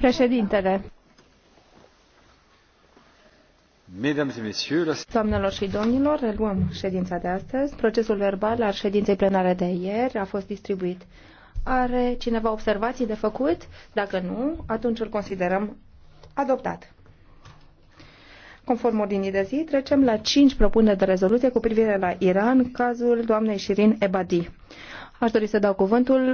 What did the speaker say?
Președintele. Doamnelor și domnilor, reluăm ședința de astăzi. Procesul verbal al ședinței plenare de ieri a fost distribuit. Are cineva observații de făcut? Dacă nu, atunci îl considerăm adoptat. Conform ordinii de zi, trecem la 5 propuneri de rezoluție cu privire la Iran, cazul doamnei Shirin Ebadi. Aș dori să dau cuvântul